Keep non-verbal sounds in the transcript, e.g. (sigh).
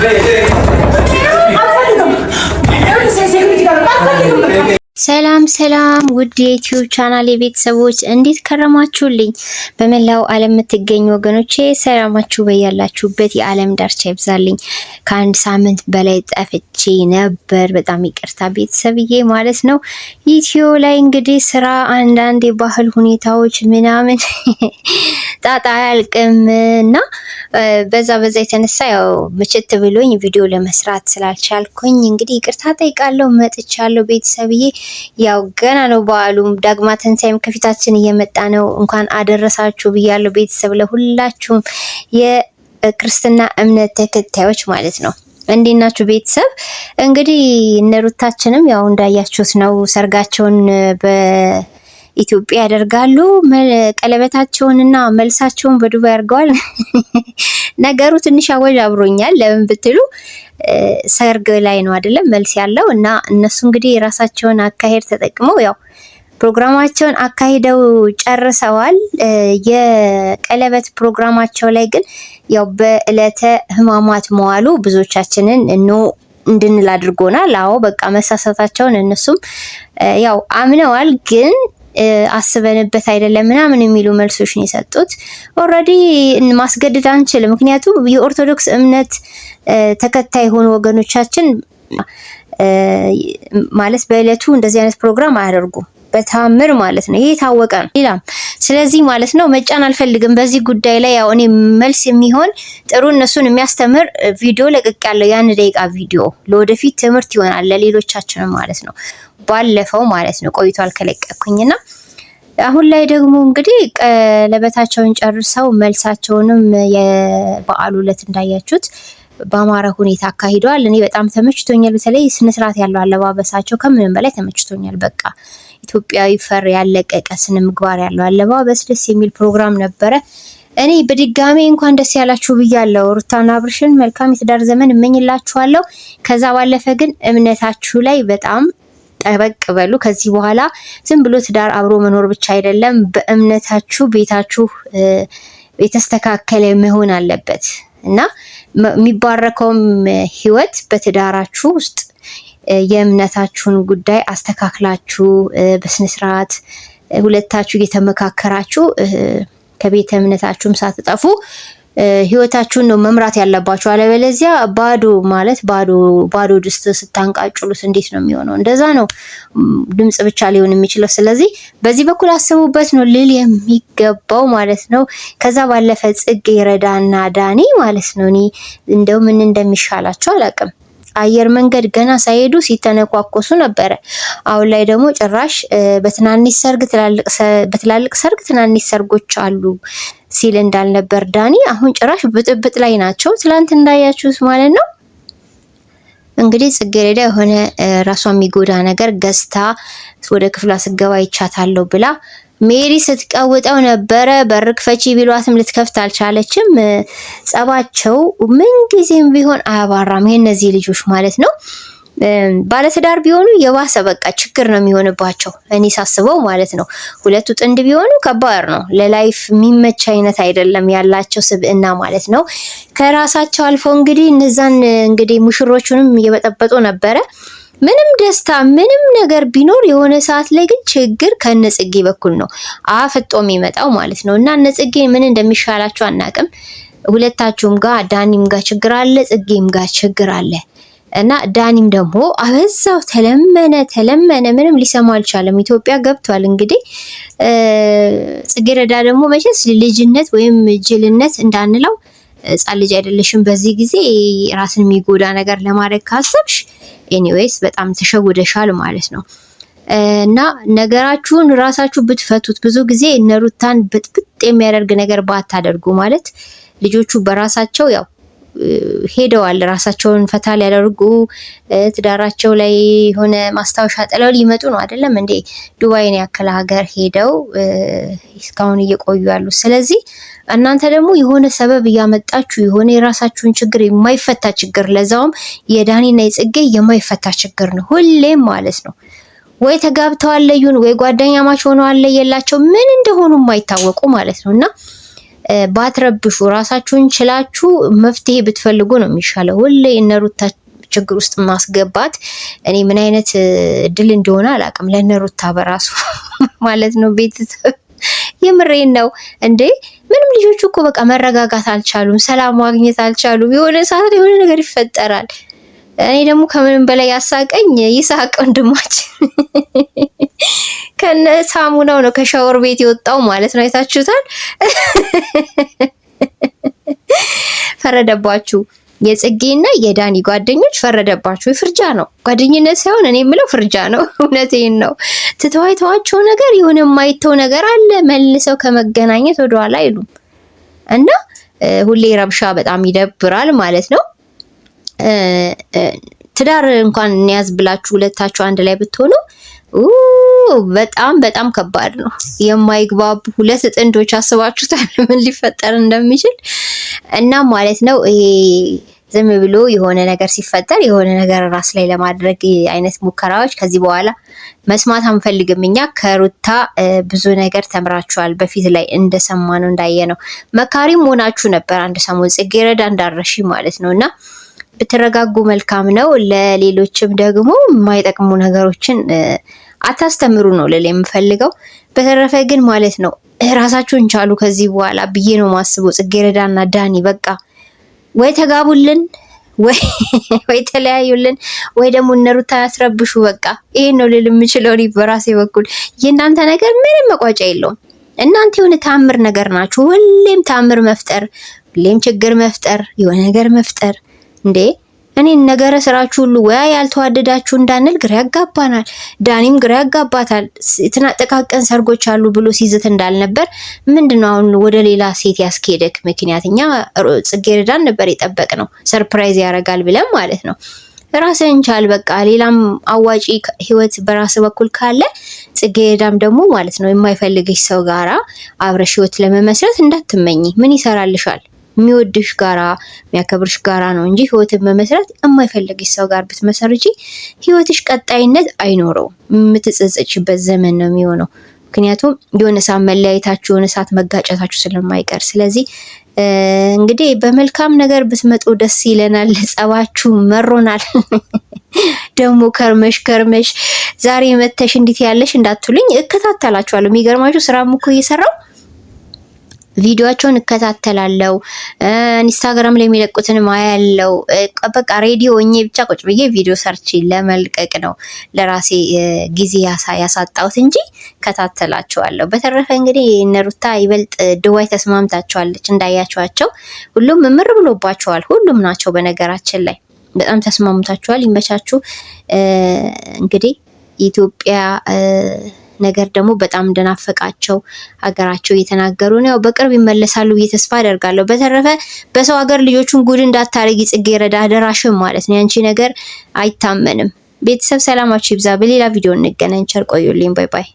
왜 ሰላም ሰላም ውድ የዩቲዩብ ቻናል የቤተሰቦች እንዴት ከረማችሁልኝ? በመላው ዓለም የምትገኙ ወገኖቼ ሰላማችሁ በያላችሁበት የዓለም ዳርቻ ይብዛልኝ። ከአንድ ሳምንት በላይ ጠፍቼ ነበር። በጣም ይቅርታ ቤተሰብዬ ማለት ነው። ኢትዮ ላይ እንግዲህ ስራ፣ አንዳንድ የባህል ሁኔታዎች ምናምን (laughs) ጣጣ አያልቅም እና በዛ በዛ የተነሳ ያው ምችት ብሎኝ ቪዲዮ ለመስራት ስላልቻልኩኝ እንግዲህ ይቅርታ ጠይቃለሁ። መጥቻለሁ ቤተሰብዬ ያው ገና ነው በአሉ ዳግማ ትንሳኤም ከፊታችን እየመጣ ነው። እንኳን አደረሳችሁ ብያለሁ ቤተሰብ ለሁላችሁም የክርስትና እምነት ተከታዮች ማለት ነው። እንዴት ናችሁ ቤተሰብ? እንግዲህ እነሩታችንም ያው እንዳያችሁት ነው ሰርጋቸውን በኢትዮጵያ ያደርጋሉ። ቀለበታቸውንና መልሳቸውን በዱባይ አድርገዋል። (laughs) ነገሩ ትንሽ አወዥ አብሮኛል። ለምን ብትሉ ሰርግ ላይ ነው አይደለም መልስ ያለው እና እነሱ እንግዲህ የራሳቸውን አካሄድ ተጠቅመው ያው ፕሮግራማቸውን አካሂደው ጨርሰዋል። የቀለበት ፕሮግራማቸው ላይ ግን ያው በዕለተ ሕማማት መዋሉ ብዙዎቻችንን ኖ እንድንል አድርጎናል። አዎ በቃ መሳሳታቸውን እነሱም ያው አምነዋል ግን አስበንበት አይደለም ምናምን የሚሉ መልሶች ነው የሰጡት። ኦልሬዲ ማስገደድ አንችልም። ምክንያቱም የኦርቶዶክስ እምነት ተከታይ የሆኑ ወገኖቻችን ማለት በእለቱ እንደዚህ አይነት ፕሮግራም አያደርጉም። በታምር ማለት ነው። ይሄ የታወቀ ነው። ሌላም ስለዚህ ማለት ነው መጫን አልፈልግም በዚህ ጉዳይ ላይ ያው እኔ መልስ የሚሆን ጥሩ እነሱን የሚያስተምር ቪዲዮ ለቅቅ ያለው የአንድ ደቂቃ ቪዲዮ ለወደፊት ትምህርት ይሆናል ለሌሎቻችንም ማለት ነው። ባለፈው ማለት ነው ቆይቷል ከለቀኩኝና አሁን ላይ ደግሞ እንግዲህ ቀለበታቸውን ጨርሰው መልሳቸውንም የበዓሉ ዕለት እንዳያችሁት በአማረ ሁኔታ አካሂደዋል። እኔ በጣም ተመችቶኛል። በተለይ ስነስርዓት ያለው አለባበሳቸው ከምንም በላይ ተመችቶኛል። በቃ ኢትዮጵያዊ ፈር ያለቀቀ ስነ ምግባር ያለው አለባበስ ደስ የሚል ፕሮግራም ነበረ። እኔ በድጋሜ እንኳን ደስ ያላችሁ ብያለሁ። ሩታና አብርሽን መልካም የትዳር ዘመን እመኝላችኋለሁ። ከዛ ባለፈ ግን እምነታችሁ ላይ በጣም ጠበቅ በሉ። ከዚህ በኋላ ዝም ብሎ ትዳር አብሮ መኖር ብቻ አይደለም፣ በእምነታችሁ ቤታችሁ የተስተካከለ መሆን አለበት። እና የሚባረከውም ህይወት በትዳራችሁ ውስጥ የእምነታችሁን ጉዳይ አስተካክላችሁ በስነስርዓት ሁለታችሁ እየተመካከራችሁ ከቤተ እምነታችሁም ሳትጠፉ ህይወታችሁን ነው መምራት ያለባችሁ። አለበለዚያ ባዶ ማለት ባዶ ባዶ ድስት ስታንቃጭሉት እንዴት ነው የሚሆነው? እንደዛ ነው ድምጽ ብቻ ሊሆን የሚችለው። ስለዚህ በዚህ በኩል አስቡበት ነው ልል የሚገባው ማለት ነው። ከዛ ባለፈ ጽጌ ረዳና ዳኒ ማለት ነው እኔ እንደው ምን እንደሚሻላቸው አላውቅም። አየር መንገድ ገና ሳይሄዱ ሲተነኳኮሱ ነበረ። አሁን ላይ ደግሞ ጭራሽ በትናንሽ ሰርግ በትላልቅ ሰርግ ትናንሽ ሰርጎች አሉ ሲል እንዳልነበር ዳኒ አሁን ጭራሽ ብጥብጥ ላይ ናቸው። ትላንት እንዳያችሁት ማለት ነው። እንግዲህ ጽጌረዳ የሆነ ራሷ የሚጎዳ ነገር ገዝታ ወደ ክፍሏ ስገባ ይቻታለሁ ብላ ሜሪ ስትቀውጠው ነበረ። በር ክፈቺ ቢሏትም ልትከፍት አልቻለችም። ጸባቸው ምንጊዜም ቢሆን አያባራም የእነዚህ ልጆች ማለት ነው። ባለትዳር ቢሆኑ የባሰ በቃ ችግር ነው የሚሆንባቸው፣ እኔ ሳስበው ማለት ነው። ሁለቱ ጥንድ ቢሆኑ ከባድ ነው። ለላይፍ የሚመች አይነት አይደለም ያላቸው ስብዕና ማለት ነው። ከራሳቸው አልፎ እንግዲህ እነዛን እንግዲህ ሙሽሮቹንም እየበጠበጡ ነበረ። ምንም ደስታ ምንም ነገር ቢኖር የሆነ ሰዓት ላይ ግን ችግር ከነጽጌ በኩል ነው አፍጦ የሚመጣው ማለት ነው። እና እነጽጌ ምን እንደሚሻላቸው አናቅም። ሁለታችሁም ጋር ዳኒም ጋር ችግር አለ፣ ጽጌም ጋር ችግር አለ። እና ዳኒም ደግሞ አበዛው ተለመነ ተለመነ፣ ምንም ሊሰማ አልቻለም። ኢትዮጵያ ገብቷል እንግዲህ። ጽጌረዳ ደግሞ መቼስ ልጅነት ወይም ጅልነት እንዳንለው ህጻን ልጅ አይደለሽም። በዚህ ጊዜ ራስን የሚጎዳ ነገር ለማድረግ ካሰብሽ ኤኒዌይስ በጣም ተሸውደሻል ማለት ነው። እና ነገራችሁን ራሳችሁ ብትፈቱት ብዙ ጊዜ እነሩታን ብጥብጥ የሚያደርግ ነገር ባታደርጉ ማለት ልጆቹ በራሳቸው ያው ሄደዋል። ራሳቸውን ፈታ ሊያደርጉ ትዳራቸው ላይ የሆነ ማስታወሻ ጥለው ሊመጡ ነው አይደለም እንዴ? ዱባይን ያክል ሀገር ሄደው እስካሁን እየቆዩ ያሉ። ስለዚህ እናንተ ደግሞ የሆነ ሰበብ እያመጣችሁ የሆነ የራሳችሁን ችግር የማይፈታ ችግር ለዛውም የዳኒና የጽጌ የማይፈታ ችግር ነው ሁሌም ማለት ነው። ወይ ተጋብተው አለዩን፣ ወይ ጓደኛ ማች ሆነው አለየላቸው ምን እንደሆኑ የማይታወቁ ማለት ነው እና ባትረብሹ ራሳችሁን ችላችሁ መፍትሄ ብትፈልጉ ነው የሚሻለው። ሁሌ እነሩታ ችግር ውስጥ ማስገባት እኔ ምን አይነት ድል እንደሆነ አላውቅም። ለእነሩታ በራሱ (laughs) ማለት ነው ቤተሰብ የምሬን ነው እንዴ! ምንም ልጆቹ እኮ በቃ መረጋጋት አልቻሉም፣ ሰላም ማግኘት አልቻሉም። የሆነ ሰዓት የሆነ ነገር ይፈጠራል። እኔ ደግሞ ከምንም በላይ ያሳቀኝ ይስሐቅ ወንድማችን (laughs) ከነ ሳሙናው ነው ከሻወር ቤት የወጣው ማለት ነው። አይታችሁታል። (laughs) ፈረደባችሁ። የጽጌና የዳኒ ጓደኞች ፈረደባችሁ። ፍርጃ ነው ጓደኝነት ሳይሆን እኔ የምለው ፍርጃ ነው። (laughs) እውነቴን ነው። ትተዋይተዋቸው ነገር የሆነ የማይተው ነገር አለ። መልሰው ከመገናኘት ወደኋላ አይሉም እና ሁሌ ረብሻ በጣም ይደብራል ማለት ነው። ትዳር እንኳን እንያዝ ብላችሁ ሁለታችሁ አንድ ላይ ብትሆኑ በጣም በጣም ከባድ ነው። የማይግባቡ ሁለት ጥንዶች አስባችሁታል (laughs) ምን ሊፈጠር እንደሚችል እና ማለት ነው። ይሄ ዝም ብሎ የሆነ ነገር ሲፈጠር የሆነ ነገር ራስ ላይ ለማድረግ አይነት ሙከራዎች ከዚህ በኋላ መስማት አንፈልግም። እኛ ከሩታ ብዙ ነገር ተምራችኋል። በፊት ላይ እንደሰማ ነው እንዳየ ነው መካሪም ሆናችሁ ነበር አንድ ሰሞን ጽጌረዳ እንዳረሺ ማለት ነው እና ብትረጋጉ መልካም ነው። ለሌሎችም ደግሞ የማይጠቅሙ ነገሮችን አታስተምሩ ነው ልል የምፈልገው። በተረፈ ግን ማለት ነው ራሳችሁን ቻሉ ከዚህ በኋላ ብዬ ነው ማስበው። ጽጌረዳና ዳኒ በቃ ወይ ተጋቡልን ወይ (laughs) ተለያዩልን፣ ወይ ደግሞ እነሩታ ያስረብሹ። በቃ ይሄን ነው ልል የምችለው እኔ በራሴ በኩል። የእናንተ ነገር ምንም መቋጫ የለውም። እናንተ የሆነ ታምር ነገር ናችሁ። ሁሌም ታምር መፍጠር፣ ሁሌም ችግር መፍጠር፣ የሆነ ነገር መፍጠር እንዴ እኔን ነገረ ስራችሁ ሁሉ ወያ ያልተዋደዳችሁ እንዳንል ግራ ያጋባናል። ዳኒም ግራ ያጋባታል። ጥቃቅን ሰርጎች አሉ ብሎ ሲዝት እንዳልነበር ምንድነው አሁን ወደ ሌላ ሴት ያስኬደክ ምክንያት? እኛ ጽጌረዳን ነበር የጠበቅ ነው ሰርፕራይዝ ያደርጋል ብለን ማለት ነው። ራስን ቻል በቃ። ሌላም አዋጪ ህይወት በራስ በኩል ካለ ጽጌረዳም ደግሞ ማለት ነው የማይፈልግሽ ሰው ጋራ አብረሽ ህይወት ለመመስረት እንዳትመኝ። ምን ይሰራልሻል? የሚወድሽ ጋራ የሚያከብርሽ ጋራ ነው እንጂ ህይወትን በመስራት የማይፈልግሽ ሰው ጋር ብትመሰርቺ ህይወትሽ ቀጣይነት አይኖረውም። የምትጸጸችበት ዘመን ነው የሚሆነው። ምክንያቱም የሆነ ሰዓት መለያየታችሁ፣ የሆነ ሰዓት መጋጨታችሁ ስለማይቀር ስለዚህ እንግዲህ በመልካም ነገር ብትመጡ ደስ ይለናል። ጸባችሁ መሮናል። (laughs) ደግሞ ከርመሽ ከርመሽ ዛሬ መተሽ እንዴት ያለሽ እንዳትሉኝ እከታተላችኋለሁ። የሚገርማችሁ ስራም እኮ እየሰራው ቪዲዮቸውን እከታተላለው። ኢንስታግራም ላይ የሚለቁትን ማያለው። በቃ ሬዲዮ እኜ ብቻ ቁጭ ብዬ ቪዲዮ ሰርች ለመልቀቅ ነው ለራሴ ጊዜ ያሳጣሁት እንጂ እከታተላቸዋለሁ። በተረፈ እንግዲህ ነሩታ ይበልጥ ድዋይ ተስማምታቸዋለች። እንዳያቸዋቸው ሁሉም ምር ብሎባቸዋል። ሁሉም ናቸው በነገራችን ላይ በጣም ተስማምታችኋል። ይመቻችሁ። እንግዲህ ኢትዮጵያ ነገር ደግሞ በጣም እንደናፈቃቸው ሀገራቸው እየተናገሩ ነው። ያው በቅርብ ይመለሳሉ ብዬ ተስፋ አደርጋለሁ። በተረፈ በሰው ሀገር ልጆቹን ጉድ እንዳታረጊ ጽጌረዳ፣ አደራሽን ማለት ነው። ያንቺ ነገር አይታመንም። ቤተሰብ ሰላማችሁ ይብዛ። በሌላ ቪዲዮ እንገናኝ። ቸር ቆዩልኝ። ባይ ባይ።